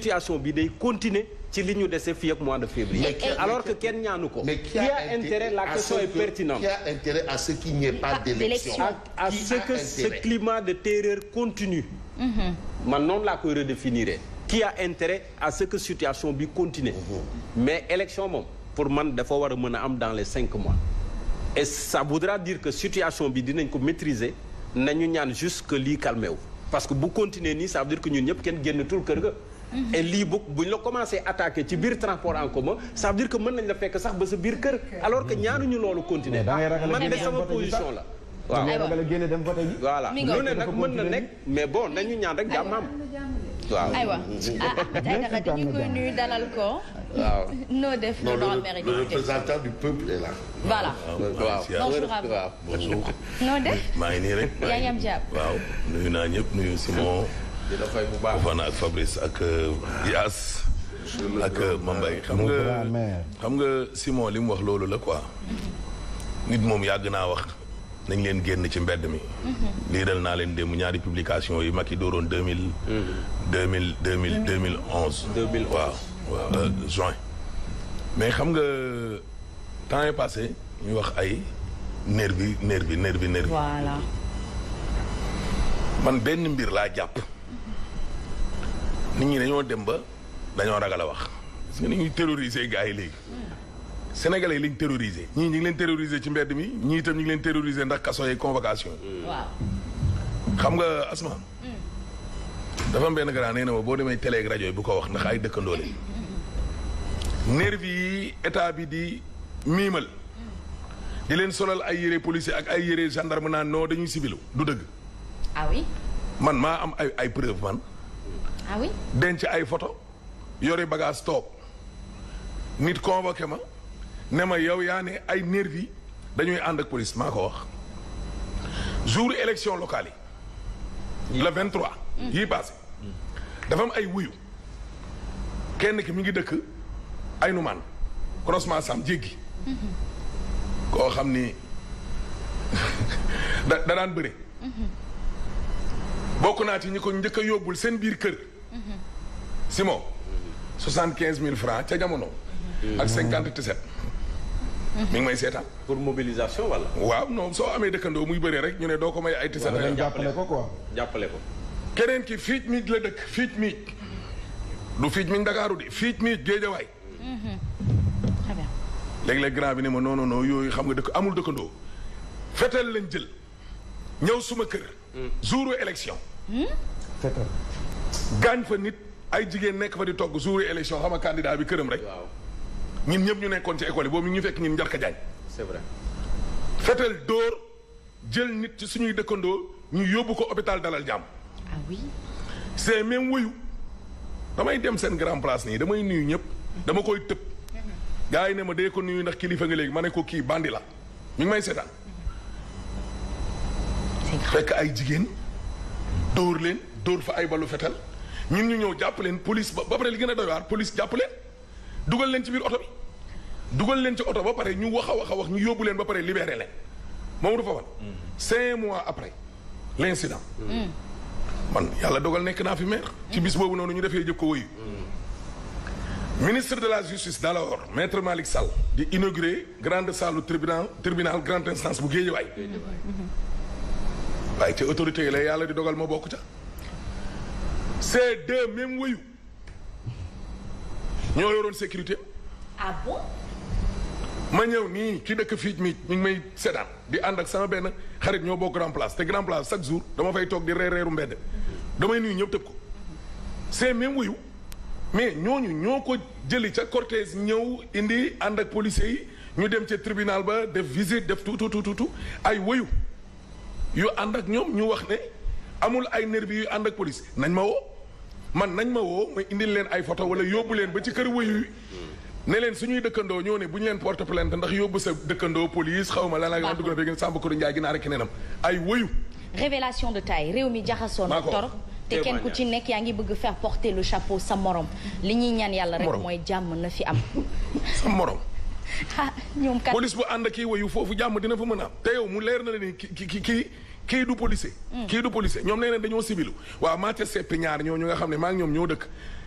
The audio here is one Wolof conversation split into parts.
situation bi day continuer ci liñu déssé fi ak mois de février. alors que kenn ñaanuko qui a intérêt la question est pertinente. qui a intérêt à ce qu'il n'y ait pas d'élection à, ce que ce climat de terreur continue. Mhm. Maintenant la laa koy redéfinir. qui a intérêt à ce que situation bi continue. Mhm. mais élection pour man dafa faut a am dans les cinq mois. et ça voudra dire que situation bi dinañ ko maîtriser nañu ñaan juste que lii parce que bu continuer ni ça veut dire que ñun ñëpp kenn tout le ga. Mm-hmm. et lii bu bu ñu la commencé attaqué ci biir transport en commun ça veut dire mën nañ la fekk sax ba sa biir kër alors que ñaanuñu loolu continuer ah, man de sama position la waaw voilà lu ne nag mën na nekk mais bon nañu ñaan rek jàmm am waaw aywa ah, ah dañu koy nuyu dalal ko. waaw noo def le représentant du peuple est là. voilà ah, waaw bonjour. noo def. maa ngi nii rek. waaw nuyu naa ñëpp nuyu Simon. dina fay bu baax Fofana ak Fabrice ak euh, Yaas. ak euh, Mambay xam nga xam nga Simon lim wax loolu la quoi. nit mom yàgg naa wax nañ leen génn ci mbedd mi. Mhm. liiral na leen démb ñaari publication yi mag yi 2000 2000 mille. deux mille mhm. deux waaw waaw euh, mhm. juin. mais xam nga temps est passé ñu wax ay nerf nerf bi nervi nervi nervi nervi. voilà. man benn mbir la japp nit ñi dañoo dem ba dañoo ragal a wax parce que ni ñuy terroriser gars yi léegi. Sénégalais yi lañ terroriser. ñii ñu leen terroriser ci mbedd mi ñii itam ñu leen terroriser ndax kaso yi convocation xam nga asma. Mm. dafa am benn grand nee na ma boo demee télé ak rajo bu ko wax ndax ay dëkkandoo lañ. Mm. nervi yi état bi di miimal. Mm. di leen solal ay yére policier ak ay yére gendarme naa non dañuy civilu du dëgg. Ah man maa am ay ay preuve man. ah oui denc ay photo yore bagage toog nit convoqué ma ne ma yow yaa ne ay nervi dañuy ànd ak police maa ko wax jour élection locale yi le mm. yii passé dafa am ay wuyu kenn ki mu ngi dëkk ay numaan croisement sam jéggi mm-hmm. koo xam ni da daan bëre mm-hmm. bokk naa ci ñi ko njëkk a yóbbul seen biir kër Mm-hmm. Simon. 75 mm-hmm. mille francs ca jamono. Mm-hmm. ak 57. mi ngi may seetaan. pour mobilisation wala. waaw non soo amee dëkkandoo muy bëree rek ñu ne doo ko may ay. tisane rek jàppale ko jàppale ko. keneen ki fiic miij la dëkk fiic miij. du fiic miij Ndakaaru di fiic miij Géejawaay. très bi ne ma non non yooyu xam nga dëkk amul dëkkandoo. fetel lañ jël. ñëw suma kër. Mm. jouru élection. Hmm? gaañ fa nit ay jigéen nekk fa di togg jour élection xam nga candidat bi këram rek. ñun ñëpp ñu nekkoon ci école yi boobu ñu fekk ñun njarka jaañ. c'est vrai. fetel dóor jël nit ci suñuy dëkkandoo ñu yóbbu ko hôpital dalal jàmm. ah oui. c'est même wuyu damay dem seen grand place nii damay nuyu ñëpp. dama koy tëb. gars yi ne ma dee ko nuyu ndax kilifa nga léegi ma ne ko kii bandi la ñu may seetaan. fekk ay jigéen dóor leen. dóor fa ay balu fetel ñun ñu ñëw jàpp leen police ba ba pare li gën a doy waar police jàpp leen dugal leen ci biir oto bi dugal leen ci oto ba pare ñu wax a wax wax ñu yóbbu leen ba pare libéré leen Mamadou Fofana. Mm. cinq mois après l' incident. Mm. man yàlla dogal nekk naa fi maire. ci bis boobu noonu ñu defee jëkk ko wëyu mm. ministre de la justice d'alors maître Malick Sall di inauguré grande salle tribunal tribunal grande instance bu Guédiawaye. Mm-hmm. waaye ci autorité yi la yàlla di dogal ma bokk ca. ces de mêmes wuyu ñoo yoroon sécurité. ah bon. ma ñëw nii ki dëkk fii mii ñu ngi may seddaan di ànd ak sama benn xarit ñoo boo grand place te grand place chaque jour dama fay toog di reer reeru mbedd. damay nuyu ñëpp tëb ko. ces mêmes wuyu mais ñooñu ñoo ko jëli ca cortège ñëw indi ànd ak policiers yi ñu dem ca tribunal ba def visite def tout tout tout ay wuyu yu ànd ak ñoom ñu wax ne amul ay nervi yu ànd ak police nañ ma woo. man nañ ma woo ma indil leen ay photo wala yóbbu leen ba ci kër wëyu ne leen suñuy dëkkandoo ñoo ne bu ñu leen porte plainte ndax yóbbu sa dëkkandoo police xaw ma lan ak yoon dugg na béykat Samba Kodu gi ginaar rek keneenam ay wëyu. révélation de taille réew mi jaxasoo tor te kenn ku ci nekk yaa ngi bëgg faire porter le chapeau sa morom. li ñuy ñaan yàlla rek mooy jàmm na fi am. sa morom. ah ñoom kat police bu ànd ak kii wëyu foofu jàmm dina fa mën a am. te yow mu leer na leen ni ki ki ki. kii du policier. Mm. kii du policier ñoom nee na dañoo civilu waaw maa ca seppi ñaar ñoo ñu nga xam ne maa ngi ñoom ñoo dëkk.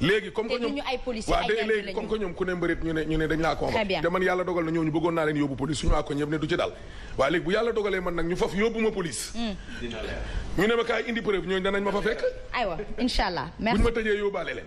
léegi comme que ñoom ku ne mbërit ñu ne ñu ne dañ laa convoqué te man yàlla dogal na ñooñu bëggoon naa leen yóbbu police suñu àkkoon ñëpp ne du ci dal waaw léegi bu yàlla dogalee man nag ñu faf yóbbu ma police mm. ñu ne ma kaay indi preuve ñooñu danañ ma fa fekk aywa incha allah merci buñ ma tëjee yóbbaale leen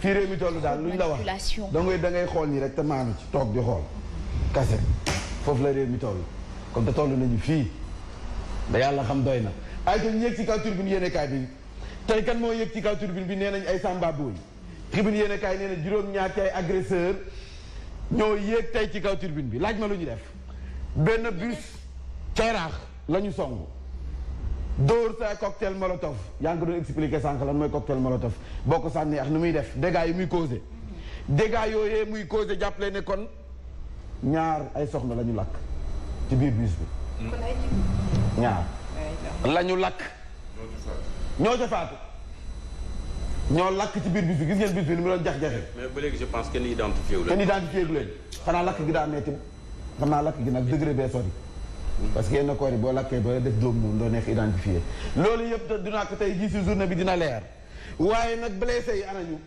fii mi tollu dal luñ la wax dangay dangay xool nii rek te maanu ci toog di xol. kase foofu la réew mi tollu. kon te tollu nañu fii da yàlla xam doy na ay te ñu yëg ci kaw turbine yéenekaay bi tey kan moo yëg ci kaw turbine bi nee nañ ay samba booy tribune yéenekaay nee na juróom-ñaar ci ay agresseur ñoo yéeg tey ci kaw turbine bi laaj ma lu ñu def benn bus ca Yaraax la ñu song dóor sa cocktail molotov yaa ngi ko doon expliquer sànq lan mooy cocktail molotov boo ko sànni ak nu muy def dégâts yi muy causé dégâts yooyee muy causé jàppale ne kon ñaar ay soxna la lakk ci biir bus bi lakk ñoo ca faatu lakk ci biir bus bi gis ngeen bus bi ni mu doon jax-jaxe ba léegi je pense kenn identifié wu leen kenn identifié wu xanaa lakk gi daa metti xanaa lakk gi nag degré bee sori parce que yenn koor boo lakkee ba def dóom noonu doo neex identifié loolu yëpp te dinaa ko tey jii si journée bi dina leer waaye nag blessé yi ana ñu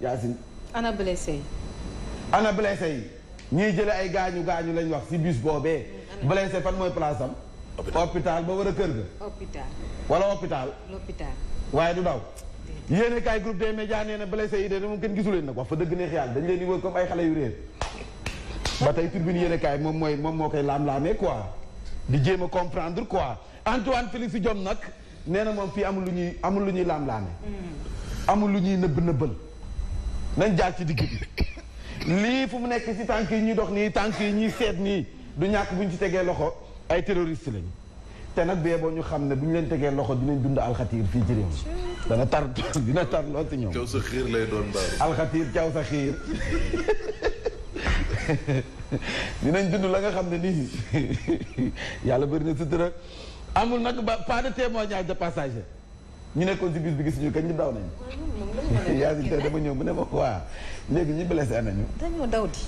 Yacine ana blessé yi ana blessé yi ñiy jële ay gaañu gaañu lañ wax si bus boobee mm, blessé fan mooy place am ba war a kër ga hôpital wala hôpital l'hôpital waaye du daw yéene kaay groupe des médias nee na blessé yi de moom kenn gisuleen nag wax fa dëgg neex yàlla dañ leen di wër comme ay xale yu réer ba tey turbine yéene kaay moom mooy moom moo koy laam-laamee quoi di jéem a comprendre quoi Antoine Félix Diome nag nee na moom fii amul lu ñuy amul lu ñuy laam-laame hmm. amul lu ñuy nëbb nëbbal nañ jaar ci digg bi lii fu mu nekk si tànk yi ñuy dox nii tànk yi ñuy seet nii du ñàkk bu ñu ci tegee loxo ay terroriste lañu te nag bee boo ñu xam ne bu ñu leen tegee loxo dinañ dund alxatiir fii ci réew dana tar dina tar lool si ñoom. caw sa xiir lay doon daal. alxatiir caw sa xiir. dinañ dund la nga xam ne nii yàlla bëri na sutura amul nag ba pas de témoignage de passager ñu nekkoon si bis bi gis ñu kañ ñu daw nañu. yaa ngi dama ñëw mu ne ma waa léegi ñi blessé anañu. dañoo daw di.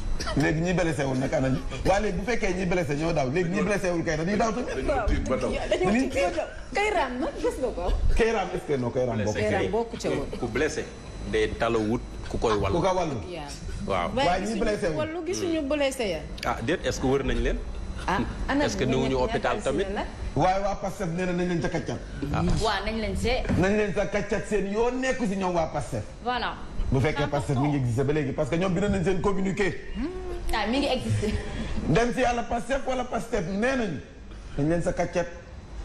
léegi ñi blessé wul nag anañu waa léegi bu fekkee ñi blessé ñoo daw léegi ñi blessé wul kay dañuy daw tamit. waaw dañoo tiit ba daw Kayram nag gis nga ko. Kayram est-ce que non ku blessé. day talawut. ku koy wàllu ku ko wàllu. waaye ñi blessé wu wàllu gisuñu blessé ya. ah déet est wër nañ leen. ah ana est-ce que néewuñu hôpital ah. waa nañ leen see. nañ leen sa kàccat seen yoo nekku si ñoom waa Pastef. bu fekkee ah, Pastef mi ngi existé ba léegi parce que ñoom bind nañ seen communiqué. Hmm. ah mi ngi existé. dem si yàlla Pastef wala Pastef nee nañu. nañ leen sa kàccat.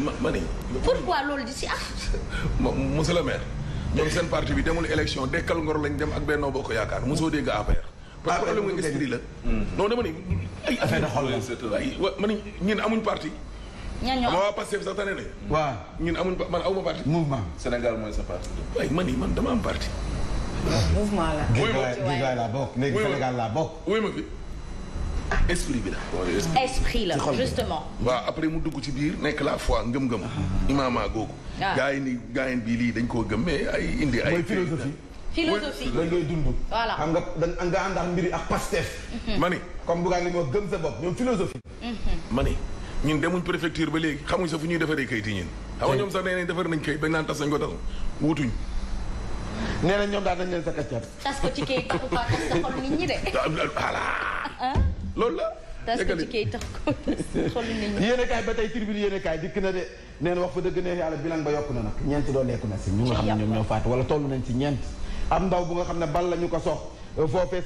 ma ma nii. pourquoi loolu di si am. moom monsieur le maire ñoom seen parti bi demul élection dekkal ngor lañ dem ak Benno Bokk Yaakaar mosoo dégg APR. Ah, parce que problème nga esprit la. Hmm. non dama ni ay affaire xol ay wa ma ni ñun amuñ parti. ñooñu am waaw Pastef man awma parti. mouvement Sénégal mooy sa parti. waaye man yi man dama am parti. mouvement la. wuy ma la bokk léegi Sénégal la bokk. wuy ma esprit bi la. esprit la justement. waaw après mu dugg ci biir nekk la foi ngëm-ngëm. Ah. imaama googu. waaw ah. gaa yi ni gaa yi bii lii dañ koo gëm mais ay indi ay. mooy philosophie. philosophie lañ lay dund. voilà xam nga da nga ànd ak mhm. ma ni comme bu gaa ngi sa bopp ñoom philosophie. Mhm. ma ni ñun demuñ préfecture ba léegi xamuñ sax fu ñuy defaree kayit yi ñun. xam ñoom sax nee nañ defar nañ kayit dañ naan tas nañ ko tas wutuñ. nee nañ ñoom daal dañ leen sa kàccaat. tas ko ci kayit taxul faa tas sa xol nit ñi de. voilà. loolu la. yëkkali tas ko ci yéen a kaay ba tey tribune yéen a kaay dikk na de neen wax fa dëgg neex yàlla bilan ba yokk na nag ñeent doo lekk na si ñu nga xam ne ñoom ñoo faatu wala toll nañ ci ñeent am ndaw bu nga xam ne bal la ko sox foofee